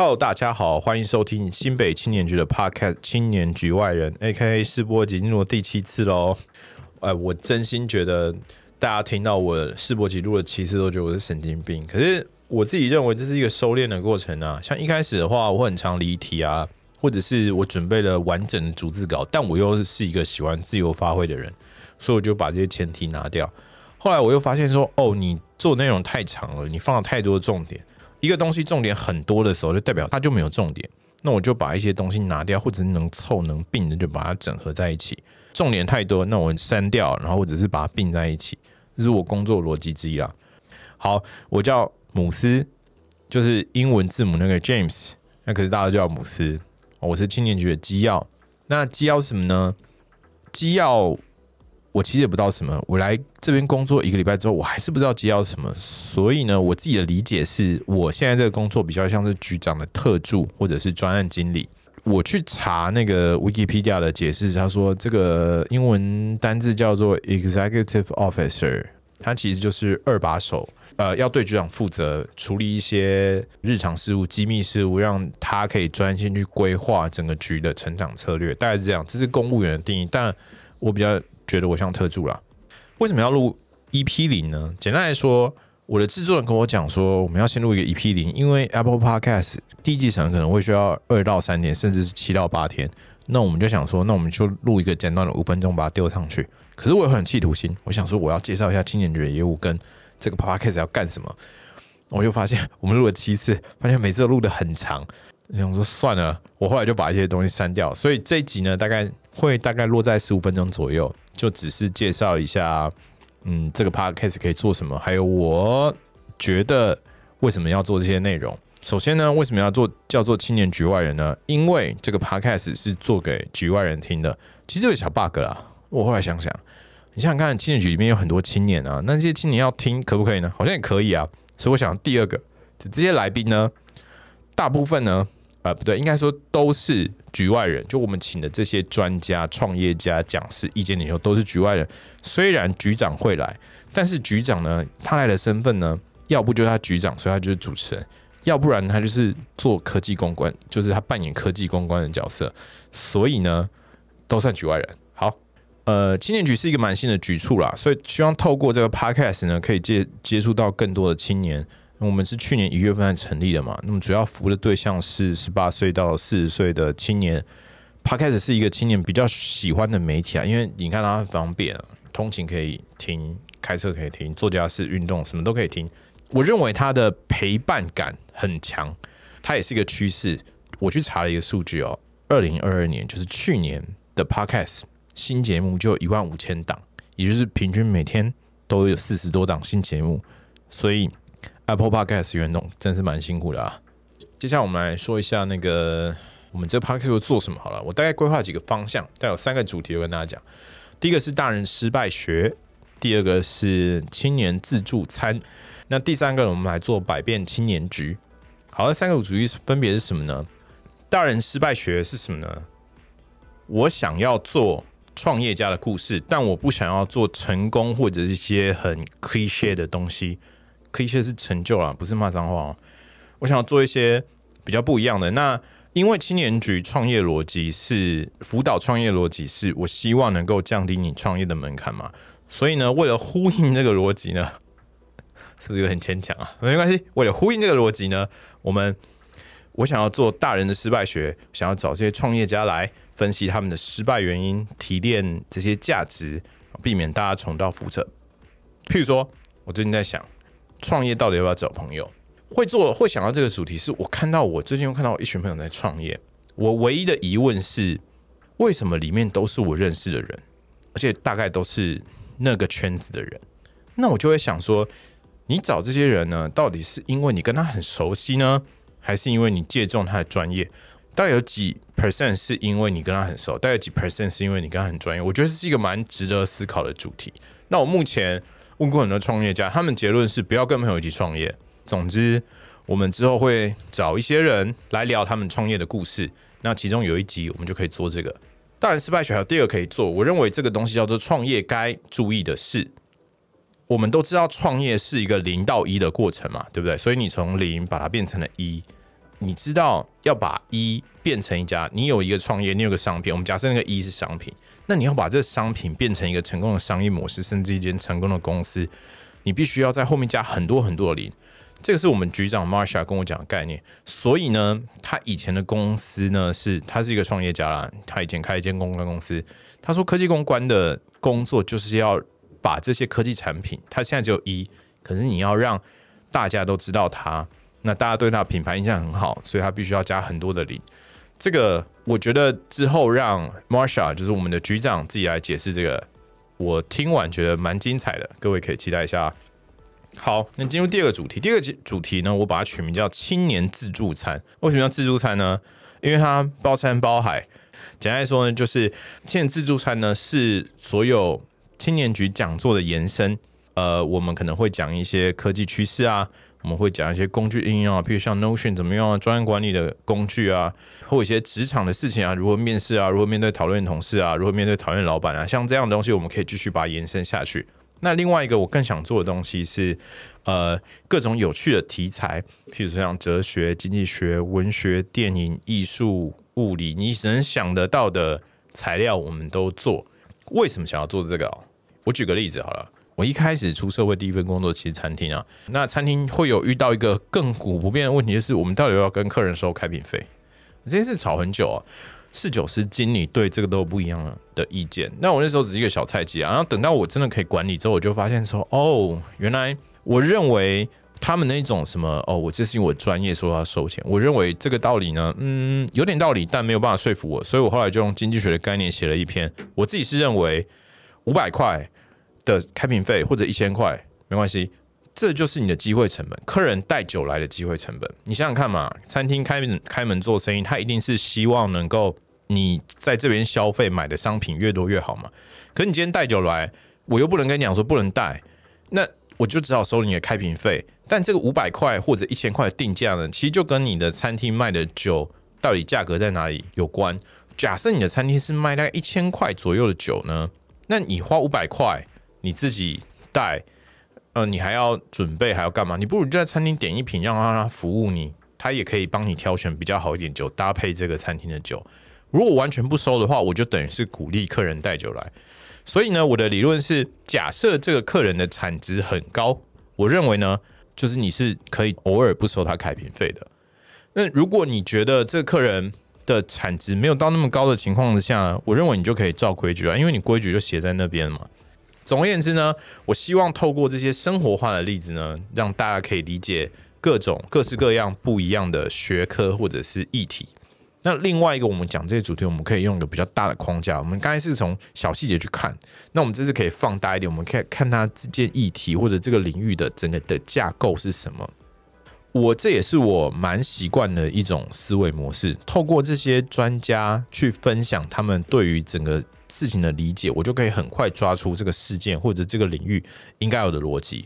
Hello，大家好，歡迎收聽新北青年局的 Podcast《青年局外人》AKA 試播集錄第七次嘍！哎、呃，我真心覺得大家聽到我試播集錄了七次，都覺得我是神經病。可是我自己認為這是一個收斂的過程啊。像一開始的話，我很常離題啊，或者是我準備了完整的逐字稿，但我又是一個喜歡自由發揮的人，所以我就把這些前提拿掉。後來我又發現說，哦，你做內容太長了，你放了太多重點。一個東西重點很多的時候，就代表它就沒有重點。那我就把一些東西拿掉，或者是能湊能併的，就把它整合在一起。重點太多，那我刪掉，然後或者是把它併在一起，這是我工作的邏輯之一啦。好，我叫姆斯，就是英文字母那個 James，那可是大家都叫姆斯。我是青年局的機要。那機要是什麼呢？機要。我其實也不知道什麼。我來這邊工作一個禮拜之後，我還是不知道接到什麼。所以呢，我自己的理解是我現在這個工作比較像是局長的特助或者是專案經理。我去查那個 Wikipedia 的解釋，他說這個英文單字叫做 executive officer，他其實就是二把手，呃，要對局長負責，處理一些日常事務、機密事務，讓他可以專心去規劃整個局的成長策略。大概是這樣，這是公務員的定義。但我比較。覺得我像特助啦。為什麼要錄 EP 零呢？簡單來說，我的製作人跟我講說，我們要先錄一個 EP 零，因為 Apple Podcast 第一集成可能會需要二到三年，甚至是七到八天。那我們就想說，那我們就錄一個簡短的五分鐘，把它丟上去。可是我也很企圖心，我想說我要介紹一下青年局的業務跟這個 Podcast 要幹什麼。我就發現我們錄了七次，發現每次都錄的很長，想說算了，我後來就把一些東西刪掉。所以這一集呢，大概會大概落在十五分鐘左右。就只是介紹一下，嗯，這個 podcast 可以做什麼？還有，我覺得為什麼要做這些內容？首先呢，為什麼要做叫做“青年局外人”呢？因為這個 podcast 是做給局外人聽的。其實這個小 bug 啦，我後來想想，你想想看，青年局裡面有很多青年啊，那這些青年要聽可不可以呢？好像也可以啊。所以我想，第二個，這些來賓呢，大部分呢。啊、呃，不對，應該說都是局外人。就我們請的這些專家、創業家、講師、意見領袖都是局外人。雖然局長會來，但是局長呢，他來的身份呢，要不就是他局長，所以他就是主持人；要不然他就是做科技公關，就是他扮演科技公關的角色。所以呢，都算局外人。好，呃，青年局是一個蠻新的局處啦，所以希望透過這個 podcast 呢，可以接接觸到更多的青年。嗯，我們是去年一月份成立的嘛，那麼主要服務的對象是十八歲到四十歲的青年。Podcast 是一個青年比較喜歡的媒體啊，因為你看它方便啊，通勤可以聽，開車可以聽，做家事、運動什麼都可以聽。我認為它的陪伴感很強，它也是一個趨勢。我去查了一個數據哦、喔，二零二二年就是去年的 Podcast 新節目就有一萬五千檔，也就是平均每天都有四十多檔新節目，所以。Apple Podcast 原動，真是蠻辛苦的啊！接下來我們來說一下那個我們這 podcast 會做什麼好了。我大概規劃幾個方向，但有三個主題，我跟大家講。第一個是大人失敗學，第二個是青年自助餐，那第三個我們來做百辯青年局。好，這三個主題分別是什麼呢？大人失敗學是什麼呢？我想要做創業家的故事，但我不想要做成功或者是一些很 cliché 的東西。可以，是成就啊，不是罵髒話哦、喔。我想要做一些比較不一樣的。那因為青年局創業邏輯是輔導創業邏輯，是我希望能夠降低你創業的門檻嘛。所以呢是是、啊，為了呼應這個邏輯呢，是不是有點牽強啊？沒關係，為了呼應這個邏輯呢，我們我想要做大人的失敗學，想要找這些創業家來分析他們的失敗原因，提煉這些價值，避免大家重蹈覆轍。譬如說，我最近在想。創業到底要不要找朋友？會做會想到這個主題是，是我看到我最近又看到我一群朋友在創業。我唯一的疑問是，為什麼裡面都是我認識的人，而且大概都是那個圈子的人？那我就會想說，你找這些人呢，到底是因為你跟他很熟悉呢，還是因為你借重他的專業？大概有幾 percent 是因為你跟他很熟，大概有幾 percent 是因為你跟他很專業？我覺得這是一個蠻值得思考的主題。那我目前。問過很多創業家，他們結論是不要跟朋友一起創業。總之，我們之後會找一些人來聊他們創業的故事。那其中有一集，我們就可以做這個。當然，失敗學還有第二個可以做。我認為這個東西叫做創業該注意的事。我們都知道創業是一個零到一的過程嘛，對不對？所以你從零把它變成了一，你知道要把一變成一家，你有一個創業，你有個商品。我們假設那個一是商品。那你要把這個商品變成一個成功的商業模式，甚至一間成功的公司，你必須要在後面加很多很多的零。這個是我們局長 Marsha 跟我講的概念。所以呢，他以前的公司呢，是他是一個創業家啦，他以前開一間公關公司。他說，科技公關的工作就是要把這些科技產品，他現在只有一，可是你要讓大家都知道他，那大家對他的品牌印象很好，所以他必須要加很多的零。這個我覺得之後讓 Marsha，就是我們的局長自己來解釋這個，我聽完覺得蠻精彩的，各位可以期待一下。好，那進入第二個主題，第二個主題呢，我把它取名叫“青年自助餐”。為什麼叫自助餐呢？因為它包山包海。簡單來說呢，就是青年自助餐呢是所有青年局講座的延伸。呃，我們可能會講一些科技趨勢啊。我們會講一些工具應用啊，譬如像 Notion 怎麼用啊，專業管理的工具啊，或一些職場的事情啊，如何面試啊，如何面對討厭同事啊，如何面對討厭老闆啊，像這樣的東西，我們可以繼續把它延伸下去。那另外一個我更想做的東西是，呃，各種有趣的題材，譬如說像哲學、經濟學、文學、電影、藝術、物理，你只能想得到的材料，我們都做。為什麼想要做這個啊？我舉個例子好了。我一開始出社會第一份工作其實餐廳啊，那餐廳會有遇到一個亙古不變的問題，就是我們到底要跟客人收開瓶費，這件事吵很久啊，侍酒師、經理對這個都不一樣的意見。那我那時候只是一個小菜雞啊，然後等到我真的可以管理之後，我就發現說，哦，原來我認為他們那種什麼，哦，我這是因為我專業，說要收錢，我認為這個道理呢，嗯，有點道理，但沒有辦法說服我，所以我後來就用經濟學的概念寫了一篇，我自己是認為五百塊。的開瓶費或者一千塊沒關係，這就是你的機會成本。客人帶酒來的機會成本，你想想看嘛，餐廳開開門做生意，他一定是希望能夠你在這邊消費買的商品越多越好嘛。可你今天帶酒來，我又不能跟你講說不能帶，那我就只好收你的開瓶費。但這個五百塊或者一千塊的定價呢，其實就跟你的餐廳賣的酒到底價格在哪裡有關。假設你的餐廳是賣大概一千塊左右的酒呢，那你花五百塊。你自己帶，呃，你還要準備，還要幹嘛？你不如就在餐廳點一瓶，讓他服務你，他也可以幫你挑選比較好一點酒，搭配這個餐廳的酒。如果完全不收的話，我就等於是鼓勵客人帶酒來。所以呢，我的理論是，假設這個客人的產值很高，我認為呢，就是你是可以偶爾不收他開瓶費的。那如果你覺得這個客人的產值沒有到那麼高的情況之下，我認為你就可以照規矩啊，因為你規矩就寫在那邊嘛。總而言之呢，我希望透過這些生活化的例子呢，讓大家可以理解各種各式各樣不一樣的學科或者是議題。那另外一個，我們講這些主題，我們可以用一個比較大的框架。我們剛才是從小細節去看，那我們這次可以放大一點，我們可以看它這件議題或者這個領域的整個的架構是什麼。我這也是我蠻習慣的一種思維模式，透過這些專家去分享他們對於整個。事情的理解，我就可以很快抓出這個事件或者這個領域應該有的邏輯。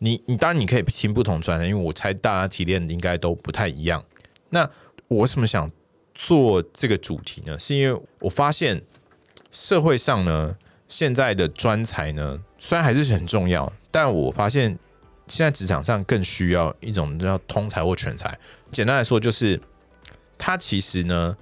你你當然你可以聽不同專業，因為我猜大家提煉的應該都不太一樣。那我什麼想做這個主題呢？是因為我發現社會上呢，現在的專才呢，雖然還是很重要，但我發現現在職場上更需要一種叫通才或全才。簡單來說，就是他其實呢。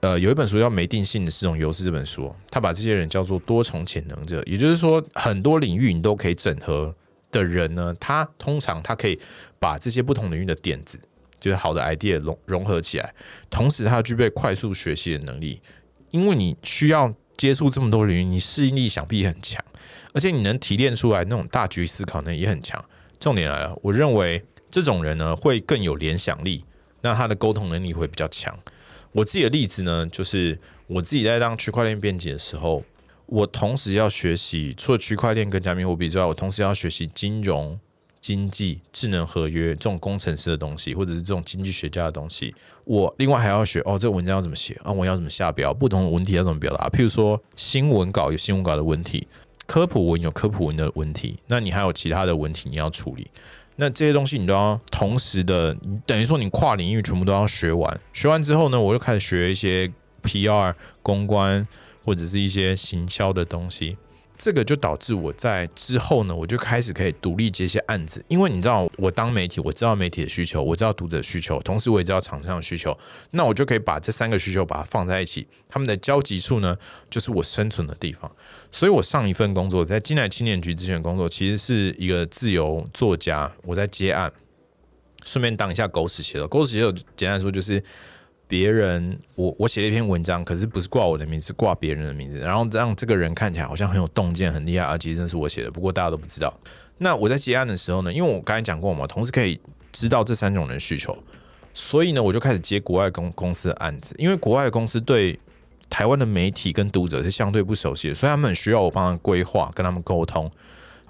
呃，有一本書叫《沒定性的是這種優勢》，這本書，他把這些人叫做多重潛能者，也就是說，很多領域你都可以整合的人呢，他通常他可以把這些不同領域的點子，就是好的 idea 融融合起來，同時他具備快速學習的能力，因為你需要接觸這麼多領域，你適應力想必也很強，而且你能提煉出來那種大局思考能力也很強。重點來了，我認為這種人呢會更有聯想力，那他的溝通能力會比較強。我自己的例子呢，就是我自己在當區塊鏈編輯的時候，我同時要學習除了區塊鏈跟加密貨幣之外，我同時要學習金融、經濟、智能合約這種工程師的東西，或者是這種經濟學家的東西。我另外還要學哦，這個文章要怎麼寫啊？我要怎麼下標？不同的文體要怎麼表達？譬如說新聞稿有新聞稿的文體，科普文有科普文的文體，那你還有其他的文體你要處理。那這些東西你都要同時的，等於說你跨領域全部都要學完。學完之後呢，我就開始學一些 PR 公關或者是一些行銷的東西。這個就導致我在之後呢，我就開始可以獨立接一些案子，因為你知道我當媒體，我知道媒體的需求，我知道讀者需求，同時我也知道廠商的需求，那我就可以把這三個需求把它放在一起，他們的交集處呢，就是我生存的地方。所以我上一份工作，在進來青年局之前的工作，其實是一個自由作家，我在接案，順便當一下狗屎寫作。狗屎寫作簡單來說就是。別人，我我寫了一篇文章，可是不是掛我的名字，是掛別人的名字，然後讓這個人看起來好像很有洞見，很厲害，而其實這是我寫的，不過大家都不知道。那我在接案的時候呢，因為我剛才講過嘛，同時可以知道這三種人需求，所以呢，我就開始接國外公公司的案子，因為國外的公司對台灣的媒體跟讀者是相對不熟悉的，所以他們很需要我幫他們規劃，跟他們溝通。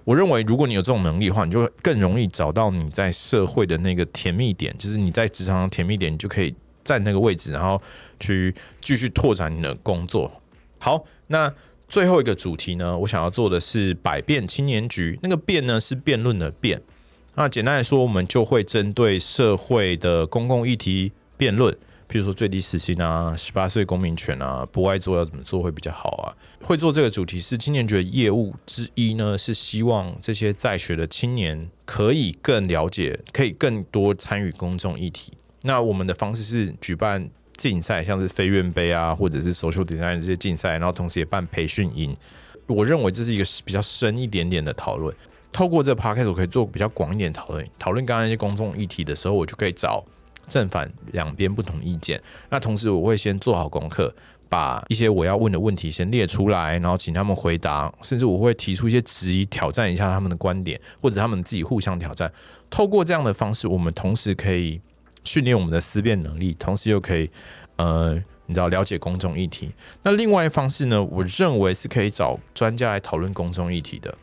我認為，如果你有這種能力的話，你就更容易找到你在社會的那個甜蜜點，就是你在職場的甜蜜點，你就可以。在那個位置，然後去繼續拓展你的工作。好，那最後一個主題呢，我想要做的是百辯青年局。那個“變”呢，是辯論的“辯”。那簡單來說，我們就會針對社會的公共議題辯論，比如說最低時薪啊、十八歲公民權啊、不愛做要怎麼做會比較好啊。會做這個主題是青年局的業務之一呢，是希望這些在學的青年可以更了解，可以更多參與公眾議題。那我們的方式是舉辦競賽，像是飛院杯啊，或者是 social design 這些競賽，然後同時也辦培訓營。我認為這是一個比較深一點點的討論。透過這 podcast 我可以做比較廣一點討論。討論剛剛一些公衆議題的時候，我就可以找正反兩邊不同意見。那同時，我會先做好功課，把一些我要問的問題先列出來，然後請他們回答。甚至我會提出一些質疑，挑戰一下他們的觀點，或者他們自己互相挑戰。透過這樣的方式，我們同時可以。訓練我們的思辨能力，同時又可以，呃，你知道了解公眾議題。那另外一方式呢，我認為是可以找專家來討論公眾議題的。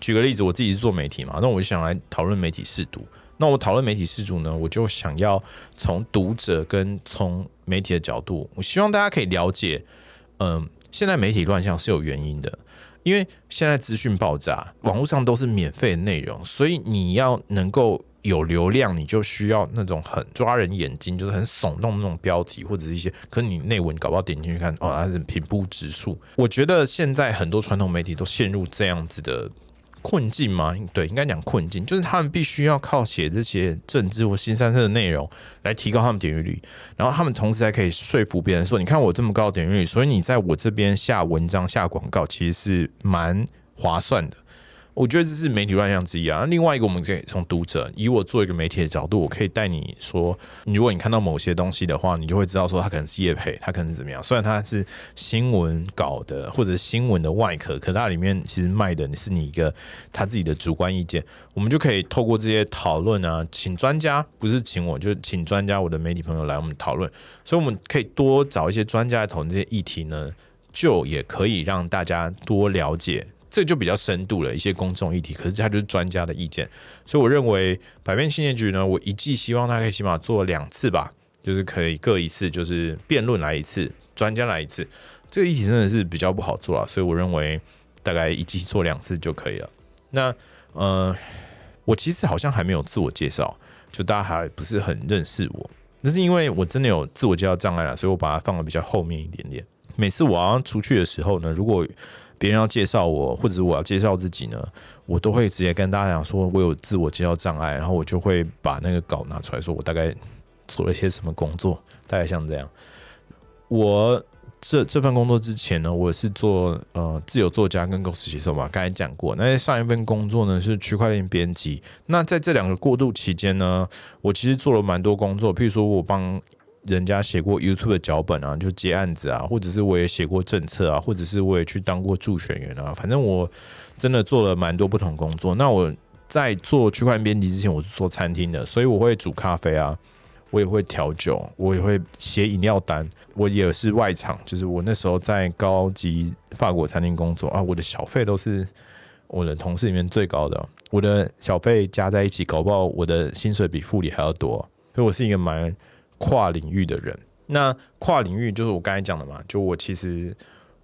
舉個例子，我自己是做媒體嘛，那我就想來討論媒體識讀。那我討論媒體識讀呢，我就想要從讀者跟從媒體的角度，我希望大家可以了解，嗯、呃，現在媒體亂象是有原因的，因為現在資訊爆炸，網絡上都是免費的內容，所以你要能夠。有流量，你就需要那種很抓人眼睛，就是很聳動的那種標題，或者是一些，可是你內文搞不好點進去看，哦，還是平鋪直述。我覺得現在很多傳統媒體都陷入這樣子的困境嘛，對，應該講困境，就是他們必須要靠寫這些政治或腥羶色的內容來提高他們點閱率，然後他們同時還可以說服別人說，你看我這麼高點閱率，所以你在我這邊下文章下廣告其實是蠻划算的。我覺得這是媒體亂象之一啊。另外一個，我們可以從讀者，以我做一個媒體的角度，我可以帶你說，你如果你看到某些東西的話，你就會知道說他可能是業配，他可能是怎麼樣。雖然他是新聞稿的或者新聞的外殼，可它裡面其實賣的是你一個他自己的主觀意見。我們就可以透過這些討論啊，請專家，不是請我，就是請專家，我的媒體朋友來我們討論。所以我們可以多找一些專家來討論這些議題呢，就也可以讓大家多了解。這就比較深度了一些公眾議題，可是它就是專家的意見，所以我認為百辯青年局呢，我一季希望它可以起碼做兩次吧，就是可以各一次，就是辯論來一次，專家來一次，這個議題真的是比較不好做啊，所以我認為大概一季做兩次就可以了。那呃，我其實好像還沒有自我介紹，就大家還不是很認識我，那是因為我真的有自我介紹障礙了，所以我把它放得比較後面一點點。每次我要出去的時候呢，如果別人要介紹我，或者我要介紹自己呢，我都會直接跟大家講說，我有自我介紹障礙，然後我就會把那個稿拿出來說，我大概做了些什麼工作，大概像這樣。我這這份工作之前呢，我是做呃自由作家跟故事寫手嘛，剛才講過。那上一份工作呢是區塊鏈編輯。那在這兩個過渡期間呢，我其實做了蠻多工作，譬如說我幫人家寫過 YouTube 的腳本啊，就接案子啊，或者是我也寫過政策啊，或者是我也去當過助選員啊。反正我真的做了蠻多不同工作。那我在做區塊鏈編輯之前，我是做餐廳的，所以我會煮咖啡啊，我也會調酒，我也會寫飲料單，我也是外場，就是我那時候在高級法國餐廳工作啊，我的小費都是我的同事裡面最高的，我的小費加在一起，搞不好我的薪水比副理還要多，所以我是一個蠻。跨領域的人，那跨領域就是我剛才講的嘛，就我其實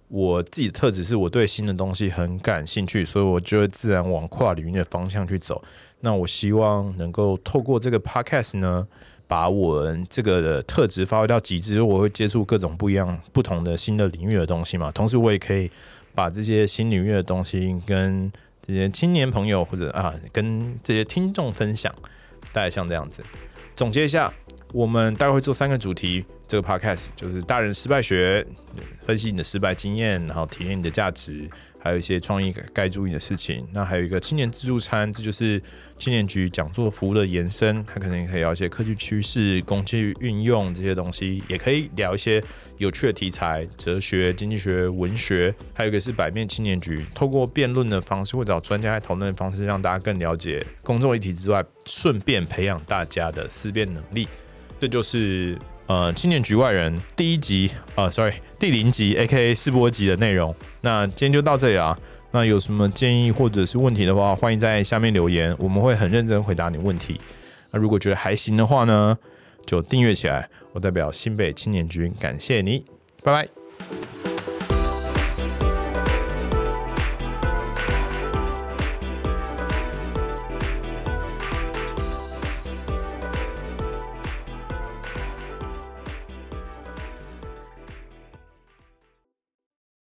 我自己的特質是我對新的東西很感興趣，所以我就會自然往跨領域的方向去走。那我希望能夠透過這個 podcast 呢，把我的這個的特質發揮到極致。我會接觸各種不一樣、不同的新的領域的東西嘛，同時我也可以把這些新領域的東西跟這些青年朋友或者啊，跟這些聽眾分享。大概像這樣子，總結一下。我們大概會做三個主題，這個 podcast 就是《大人失敗學》，分析你的失敗經驗，然後體驗你的價值，還有一些創意該注意的事情。那還有一個青年自助餐，這就是青年局講座服務的延伸，它可能也可以聊一些科技趨勢、工具運用這些東西，也可以聊一些有趣的題材，哲學、經濟學、文學。還有一個是百辯青年局，透過辯論的方式，或者找專家來討論的方式，讓大家更了解公眾議題之外，順便培養大家的思辨能力。這就是呃青年局外人第一集呃 sorry 第零集 A.K.A 試播集的內容。那今天就到這裡啊。那有什麼建議或者是問題的話，歡迎在下面留言，我們會很認真回答你問題。那如果覺得還行的話呢，就訂閱起來。我代表新北青年局感謝你，拜拜。